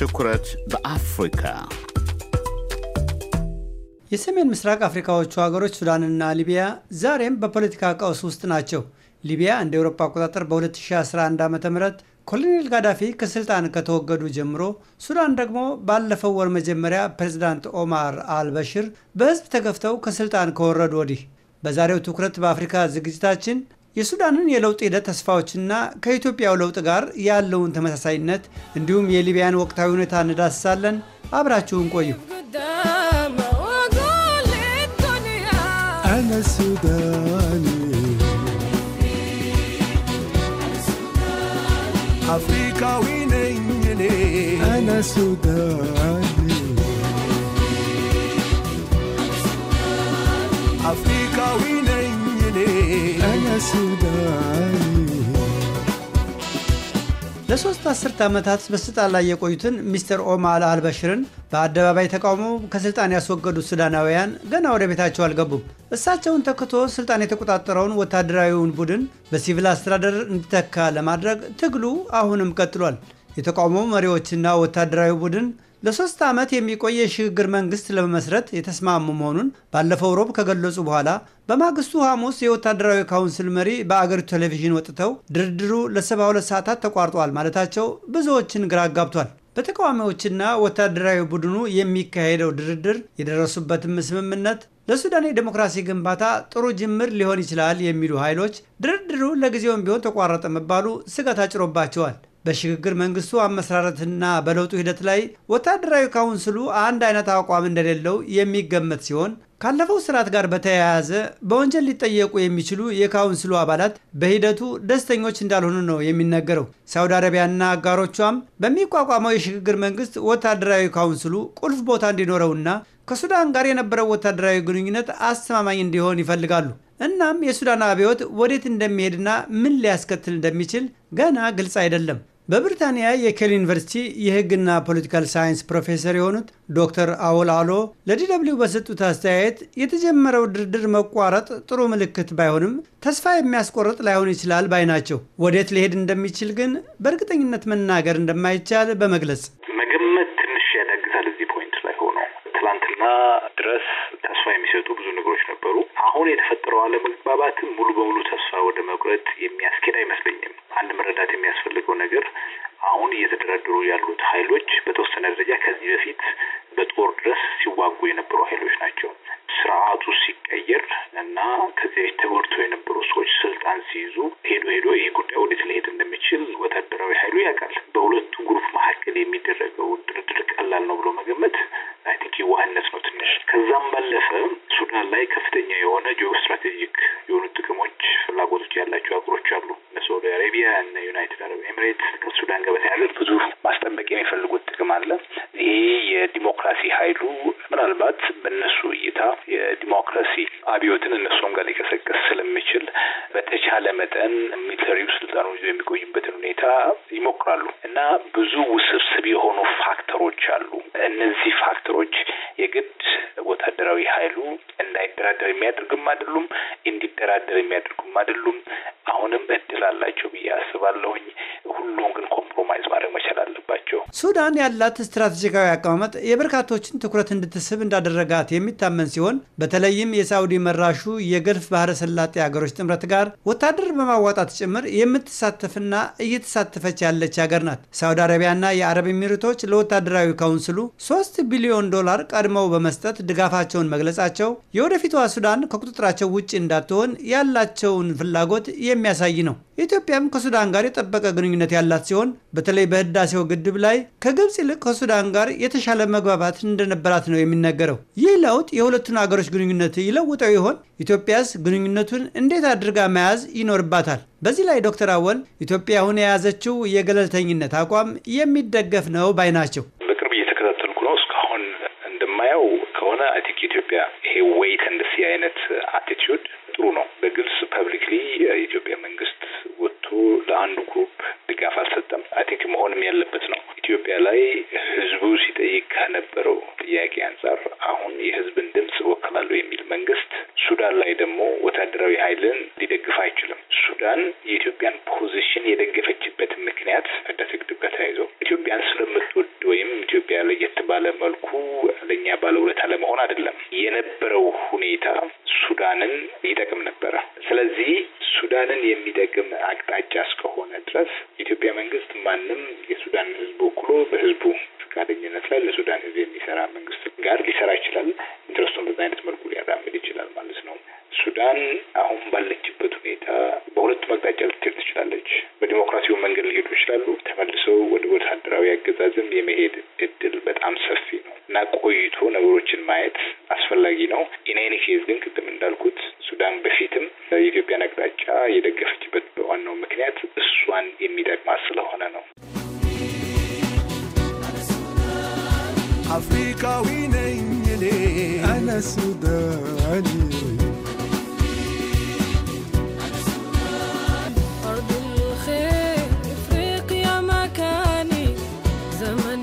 ትኩረት በአፍሪካ የሰሜን ምስራቅ አፍሪካዎቹ ሀገሮች ሱዳንና ሊቢያ ዛሬም በፖለቲካ ቀውስ ውስጥ ናቸው። ሊቢያ እንደ ኤውሮፓ አቆጣጠር በ2011 ዓ ም ኮሎኔል ጋዳፊ ከስልጣን ከተወገዱ ጀምሮ ሱዳን ደግሞ ባለፈው ወር መጀመሪያ ፕሬዚዳንት ኦማር አልበሽር በህዝብ ተገፍተው ከስልጣን ከወረዱ ወዲህ በዛሬው ትኩረት በአፍሪካ ዝግጅታችን የሱዳንን የለውጥ ሂደት ተስፋዎችና ከኢትዮጵያው ለውጥ ጋር ያለውን ተመሳሳይነት እንዲሁም የሊቢያን ወቅታዊ ሁኔታ እንዳስሳለን። አብራችሁን ቆዩ። አፍሪካዊ ነኝ እኔ አፍሪካዊ ነኝ ለሶስት አስርት ዓመታት በስልጣን ላይ የቆዩትን ሚስተር ኦማ አልበሽርን በአደባባይ ተቃውሞ ከስልጣን ያስወገዱት ሱዳናውያን ገና ወደ ቤታቸው አልገቡም። እሳቸውን ተክቶ ስልጣን የተቆጣጠረውን ወታደራዊውን ቡድን በሲቪል አስተዳደር እንዲተካ ለማድረግ ትግሉ አሁንም ቀጥሏል። የተቃውሞ መሪዎችና ወታደራዊ ቡድን ለሶስት ዓመት የሚቆይ የሽግግር መንግስት ለመመስረት የተስማሙ መሆኑን ባለፈው ሮብ ከገለጹ በኋላ በማግስቱ ሐሙስ የወታደራዊ ካውንስል መሪ በአገሪቱ ቴሌቪዥን ወጥተው ድርድሩ ለ72 ሰዓታት ተቋርጧል ማለታቸው ብዙዎችን ግራ አጋብቷል። በተቃዋሚዎችና ወታደራዊ ቡድኑ የሚካሄደው ድርድር የደረሱበትም ስምምነት ለሱዳን የዴሞክራሲ ግንባታ ጥሩ ጅምር ሊሆን ይችላል የሚሉ ኃይሎች ድርድሩ ለጊዜውም ቢሆን ተቋረጠ መባሉ ስጋት አጭሮባቸዋል። በሽግግር መንግስቱ አመሰራረትና በለውጡ ሂደት ላይ ወታደራዊ ካውንስሉ አንድ አይነት አቋም እንደሌለው የሚገመት ሲሆን ካለፈው ስርዓት ጋር በተያያዘ በወንጀል ሊጠየቁ የሚችሉ የካውንስሉ አባላት በሂደቱ ደስተኞች እንዳልሆኑ ነው የሚነገረው። ሳውዲ አረቢያና አጋሮቿም በሚቋቋመው የሽግግር መንግስት ወታደራዊ ካውንስሉ ቁልፍ ቦታ እንዲኖረውና ከሱዳን ጋር የነበረው ወታደራዊ ግንኙነት አስተማማኝ እንዲሆን ይፈልጋሉ። እናም የሱዳን አብዮት ወዴት እንደሚሄድና ምን ሊያስከትል እንደሚችል ገና ግልጽ አይደለም። በብሪታንያ የኬል ዩኒቨርሲቲ የሕግና ፖለቲካል ሳይንስ ፕሮፌሰር የሆኑት ዶክተር አውል አሎ ለዲደብሊው በሰጡት አስተያየት የተጀመረው ድርድር መቋረጥ ጥሩ ምልክት ባይሆንም ተስፋ የሚያስቆርጥ ላይሆን ይችላል ባይ ናቸው። ወዴት ሊሄድ እንደሚችል ግን በእርግጠኝነት መናገር እንደማይቻል በመግለጽ መገመት ትንሽ ያዳግታል። እዚህ ፖይንት ላይ ሆኖ ትላንትና ድረስ የሚሰጡ ብዙ ነገሮች ነበሩ። አሁን የተፈጠረው አለመግባባትን ሙሉ በሙሉ ተስፋ ወደ መቁረጥ የሚያስኬድ አይመስለኝም። አንድ መረዳት የሚያስፈልገው ነገር አሁን እየተደረደሩ ያሉት ኃይሎች በተወሰነ ደረጃ ከዚህ በፊት በጦር ድረስ ሲዋጉ የነበሩ ኃይሎች ናቸው። ስርዓቱ ሲቀየር እና ከዚህ በፊት ተጎድቶ የነበሩ ሰዎች ስልጣን ሲይዙ ሄዶ ሄዶ ይህ ጉዳይ ወዴት ሊሄድ እንደሚችል ወታደራዊ ኃይሉ ያውቃል። በሁለቱ ግሩፕ መካከል የሚደረገው ድርድር ቀላል ነው ብሎ መገመት የዋህነት ነው ትንሽ። ከዛም ባለፈ ሱዳን ላይ ከፍተኛ የሆነ ጂኦ ስትራቴጂክ የሆኑ ጥቅሞች፣ ፍላጎቶች ያላቸው ሀገሮች አሉ። እነ ሳውዲ አረቢያ እነ ዩናይትድ አረብ ኤምሬት ከሱዳን ጋር በተያያዘ ብዙ ማስጠበቅ የሚፈልጉት ጥቅም አለ። ይሄ የዲሞክራሲ ኃይሉ ምናልባት በእነሱ እይታ የዲሞክራሲ አብዮትን እነሱም ጋር ሊቀሰቀስ ስለሚችል በተቻለ መጠን ሚሊተሪው ስልጣኑ ይዞ የሚቆይበትን ሁኔታ ይሞክራሉ እና ብዙ ውስብስብ የሆኑ ፋክተሮች አሉ እነዚህ ፋክተሮች የግድ ወታደራዊ ኃይሉ እንዳይደራደር የሚያደርግም አይደሉም፣ እንዲደራደር የሚያደርጉም አይደሉም። አሁንም እድል አላቸው ብዬ አስባለሁኝ። ሁሉም ግን ኮምፕሮማይዝ ማድረግ መቻል ሱዳን ያላት ስትራቴጂካዊ አቀማመጥ የበርካቶችን ትኩረት እንድትስብ እንዳደረጋት የሚታመን ሲሆን በተለይም የሳውዲ መራሹ የገልፍ ባህረ ሰላጤ ሀገሮች ጥምረት ጋር ወታደር በማዋጣት ጭምር የምትሳተፍና እየተሳተፈች ያለች ሀገር ናት። ሳዑዲ አረቢያና የአረብ ኤሚሬቶች ለወታደራዊ ካውንስሉ 3 ቢሊዮን ዶላር ቀድመው በመስጠት ድጋፋቸውን መግለጻቸው የወደፊቷ ሱዳን ከቁጥጥራቸው ውጭ እንዳትሆን ያላቸውን ፍላጎት የሚያሳይ ነው። ኢትዮጵያም ከሱዳን ጋር የጠበቀ ግንኙነት ያላት ሲሆን በተለይ በህዳሴው ግድብ ላይ ከግብፅ ይልቅ ከሱዳን ጋር የተሻለ መግባባት እንደነበራት ነው የሚነገረው። ይህ ለውጥ የሁለቱን አገሮች ግንኙነት ይለውጠው ይሆን? ኢትዮጵያስ ግንኙነቱን እንዴት አድርጋ መያዝ ይኖርባታል? በዚህ ላይ ዶክተር አወል ኢትዮጵያ አሁን የያዘችው የገለልተኝነት አቋም የሚደገፍ ነው ባይ ናቸው። በቅርብ እየተከታተልኩ ነው። እስካሁን እንደማየው ከሆነ አይ ቲንክ ኢትዮጵያ ይሄ ዌይት ኤንድ ሲ አይነት አቲቱድ ጥሩ ነው። በግልጽ ፐብሊክሊ የኢትዮጵያ መንግስት ለአንዱ ግሩፕ ድጋፍ አልሰጠም። አይ ቲንክ መሆንም ያለበት ነው። ኢትዮጵያ ላይ ህዝቡ ሲጠይቅ ከነበረው ጥያቄ አንጻር አሁን የህዝብን ድምጽ እወክላለሁ የሚል መንግስት፣ ሱዳን ላይ ደግሞ ወታደራዊ ኃይልን ሊደግፍ አይችልም። ሱዳን የኢትዮጵያን ፖዚሽን የደገፈችበት ምክንያት ህዳሴ ባለ ባለውለታ ለመሆን አይደለም። የነበረው ሁኔታ ሱዳንን ይጠቅም ነበረ። ስለዚህ ሱዳንን የሚጠቅም አቅጣጫ እስከሆነ ድረስ የኢትዮጵያ መንግስት ማንም የሱዳን ህዝብ ወክሎ በህዝቡ ፈቃደኝነት ላይ ለሱዳን ህዝብ የሚሰራ መንግስት ጋር ሊሰራ ይችላል። ኢንትረስቱን በዛ አይነት መልኩ ሊያራምድ ይችላል ማለት ነው። ሱዳን አሁን ባለችበት ሁኔታ በሁለቱም አቅጣጫ ልትሄድ ትችላለች። በዲሞክራሲው መንገድ ሊሄዱ ይችላሉ። ተመልሰው ወደ ወታደራዊ አገዛዝም የመሄድ እድል በጣም ሰፊ ነው እና ቆይቶ ነገሮችን ማየት አስፈላጊ ነው። ኢናይኒ ኬዝ ግን ቅድም እንዳልኩት ሱዳን በፊትም የኢትዮጵያን አቅጣጫ የደገፈችበት በዋናው ምክንያት እሷን زمن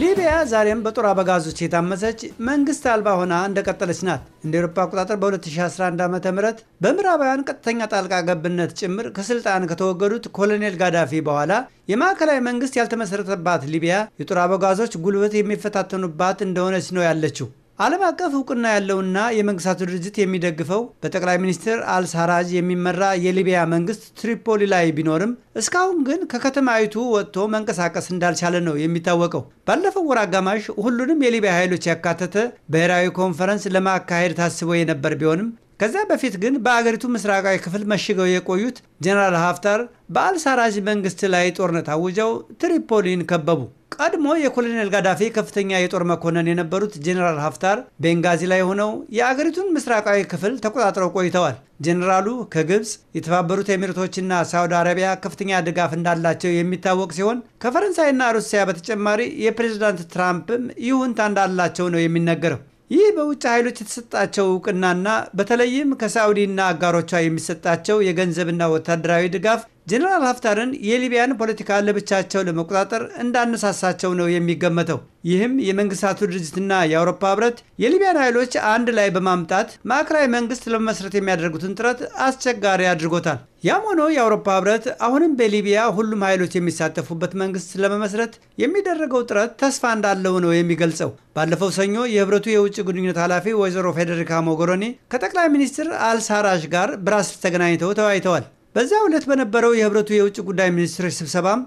ሊቢያ ዛሬም በጦር አበጋዞች የታመሰች መንግስት አልባ ሆና እንደቀጠለች ናት። እንደ ኤሮፓ አቆጣጠር በ2011 ዓ ም በምዕራባውያን ቀጥተኛ ጣልቃ ገብነት ጭምር ከስልጣን ከተወገዱት ኮሎኔል ጋዳፊ በኋላ የማዕከላዊ መንግስት ያልተመሰረተባት ሊቢያ የጦር አበጋዞች ጉልበት የሚፈታተኑባት እንደሆነች ነው ያለችው። ዓለም አቀፍ እውቅና ያለውና የመንግስታቱ ድርጅት የሚደግፈው በጠቅላይ ሚኒስትር አልሳራጅ የሚመራ የሊቢያ መንግስት ትሪፖሊ ላይ ቢኖርም እስካሁን ግን ከከተማይቱ ወጥቶ መንቀሳቀስ እንዳልቻለ ነው የሚታወቀው። ባለፈው ወር አጋማሽ ሁሉንም የሊቢያ ኃይሎች ያካተተ ብሔራዊ ኮንፈረንስ ለማካሄድ ታስቦ የነበር ቢሆንም ከዚያ በፊት ግን በአገሪቱ ምስራቃዊ ክፍል መሽገው የቆዩት ጀነራል ሀፍታር በአልሳራጅ መንግስት ላይ ጦርነት አውጀው ትሪፖሊን ከበቡ። ቀድሞ የኮሎኔል ጋዳፊ ከፍተኛ የጦር መኮንን የነበሩት ጀኔራል ሀፍታር ቤንጋዚ ላይ ሆነው የአገሪቱን ምስራቃዊ ክፍል ተቆጣጥረው ቆይተዋል። ጀኔራሉ ከግብፅ፣ የተባበሩት ኤሚሬቶችና ሳውዲ አረቢያ ከፍተኛ ድጋፍ እንዳላቸው የሚታወቅ ሲሆን ከፈረንሳይና ሩሲያ በተጨማሪ የፕሬዝዳንት ትራምፕም ይሁንታ እንዳላቸው ነው የሚነገረው። ይህ በውጭ ኃይሎች የተሰጣቸው እውቅናና በተለይም ከሳዑዲና አጋሮቿ የሚሰጣቸው የገንዘብና ወታደራዊ ድጋፍ ጀኔራል ሀፍታርን የሊቢያን ፖለቲካ ለብቻቸው ለመቆጣጠር እንዳነሳሳቸው ነው የሚገመተው። ይህም የመንግስታቱ ድርጅትና የአውሮፓ ህብረት የሊቢያን ኃይሎች አንድ ላይ በማምጣት ማዕከላዊ መንግስት ለመመስረት የሚያደርጉትን ጥረት አስቸጋሪ አድርጎታል። ያም ሆኖ የአውሮፓ ህብረት አሁንም በሊቢያ ሁሉም ኃይሎች የሚሳተፉበት መንግስት ለመመስረት የሚደረገው ጥረት ተስፋ እንዳለው ነው የሚገልጸው። ባለፈው ሰኞ የህብረቱ የውጭ ግንኙነት ኃላፊ ወይዘሮ ፌዴሪካ ሞጎሮኒ ከጠቅላይ ሚኒስትር አልሳራሽ ጋር ብራስልስ ተገናኝተው ተወያይተዋል። በዚያ ዕለት በነበረው የህብረቱ የውጭ ጉዳይ ሚኒስትሮች ስብሰባም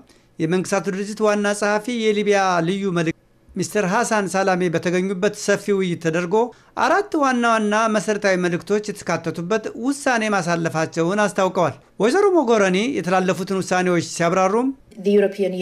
የመንግስታቱ ድርጅት ዋና ጸሐፊ የሊቢያ ልዩ መልእክት ሚስተር ሐሳን ሳላሜ በተገኙበት ሰፊ ውይይት ተደርጎ አራት ዋና ዋና መሰረታዊ መልእክቶች የተካተቱበት ውሳኔ ማሳለፋቸውን አስታውቀዋል። ወይዘሮ ሞጎረኒ የተላለፉትን ውሳኔዎች ሲያብራሩም uh,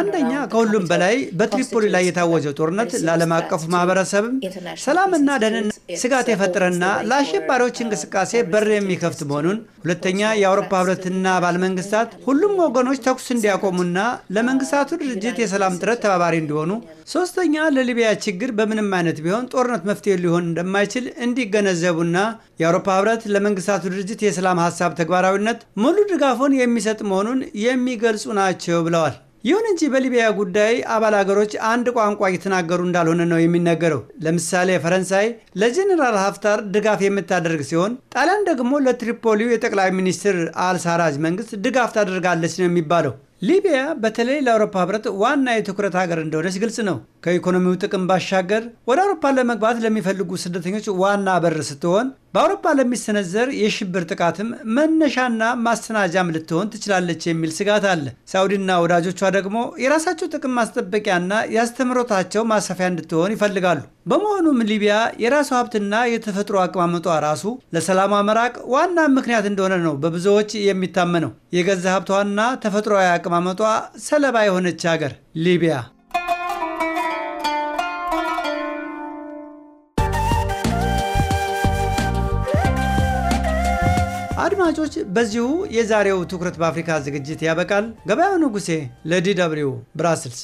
አንደኛ፣ ከሁሉም በላይ በትሪፖሊ ላይ የታወጀው ጦርነት ለዓለም አቀፉ ማህበረሰብም ሰላምና ደህንነት ስጋት የፈጠረና ለአሸባሪዎች uh, እንቅስቃሴ በር የሚከፍት መሆኑን፣ ሁለተኛ፣ የአውሮፓ ህብረትና ባለመንግስታት መንግስታት ሁሉም ወገኖች ተኩስ እንዲያቆሙና ለመንግስታቱ ድርጅት የሰላም ጥረት ተባባሪ እንዲሆኑ፣ ሶስት ሶስተኛ ለሊቢያ ችግር በምንም አይነት ቢሆን ጦርነት መፍትሄ ሊሆን እንደማይችል እንዲገነዘቡና የአውሮፓ ህብረት ለመንግስታቱ ድርጅት የሰላም ሀሳብ ተግባራዊነት ሙሉ ድጋፉን የሚሰጥ መሆኑን የሚገልጹ ናቸው ብለዋል። ይሁን እንጂ በሊቢያ ጉዳይ አባል ሀገሮች አንድ ቋንቋ እየተናገሩ እንዳልሆነ ነው የሚነገረው። ለምሳሌ ፈረንሳይ ለጀኔራል ሀፍታር ድጋፍ የምታደርግ ሲሆን፣ ጣሊያን ደግሞ ለትሪፖሊው የጠቅላይ ሚኒስትር አልሳራጅ መንግስት ድጋፍ ታደርጋለች ነው የሚባለው። ሊቢያ በተለይ ለአውሮፓ ህብረት ዋና የትኩረት ሀገር እንደሆነች ግልጽ ነው። ከኢኮኖሚው ጥቅም ባሻገር ወደ አውሮፓ ለመግባት ለሚፈልጉ ስደተኞች ዋና በር ስትሆን በአውሮፓ ለሚሰነዘር የሽብር ጥቃትም መነሻና ማስተናጃም ልትሆን ትችላለች የሚል ስጋት አለ። ሳውዲና ወዳጆቿ ደግሞ የራሳቸው ጥቅም ማስጠበቂያና የአስተምህሮታቸው ማሰፊያ እንድትሆን ይፈልጋሉ። በመሆኑም ሊቢያ የራሷ ሀብትና የተፈጥሮ አቀማመጧ ራሱ ለሰላም መራቅ ዋና ምክንያት እንደሆነ ነው በብዙዎች የሚታመነው። የገዛ ሀብቷና ተፈጥሯዊ አቀማመጧ ሰለባ የሆነች ሀገር ሊቢያ አድማጮች፣ በዚሁ የዛሬው ትኩረት በአፍሪካ ዝግጅት ያበቃል። ገበያው ንጉሴ ለዲw ብራስልስ